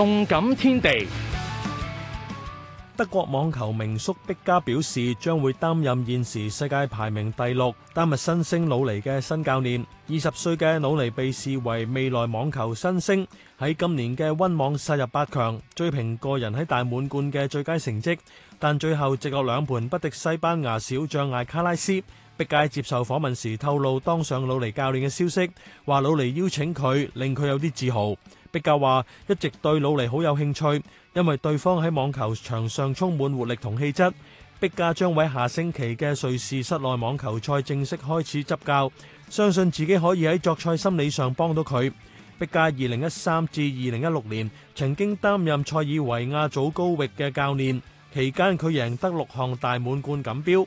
動感天地，德國網球名宿碧加表示將會擔任現時世界排名第六，丹麥新星魯尼嘅新教練。二十歲嘅魯尼被視為未來網球新星，喺今年嘅温網殺入八強，追平個人喺大滿貫嘅最佳成績，但最後直落兩盤不敵西班牙小將艾卡拉斯。碧加接受訪問時透露當上魯尼教練嘅消息，話魯尼邀請佢，令佢有啲自豪。碧加話一直對魯尼好有興趣，因為對方喺網球場上充滿活力同氣質。碧加將會喺下星期嘅瑞士室內網球賽正式開始執教，相信自己可以喺作賽心理上幫到佢。碧加二零一三至二零一六年曾經擔任塞爾維亞祖高域嘅教練，期間佢贏得六項大滿貫錦標。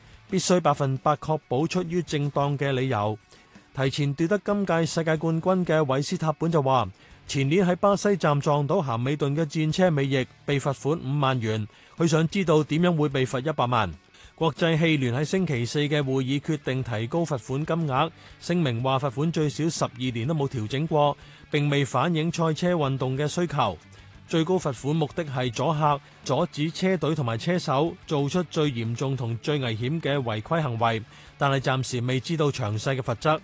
必須百分百確保出於正當嘅理由。提前奪得今屆世界冠軍嘅韋斯塔本就話：前年喺巴西站撞到咸美頓嘅戰車尾翼，被罰款五萬元。佢想知道點樣會被罰一百萬？國際汽聯喺星期四嘅會議決定提高罰款金額，聲明話罰款最少十二年都冇調整過，並未反映賽車運動嘅需求。最高罰款目的係阻嚇、阻止車隊同埋車手做出最嚴重同最危險嘅違規行為，但係暫時未知道詳細嘅罰則。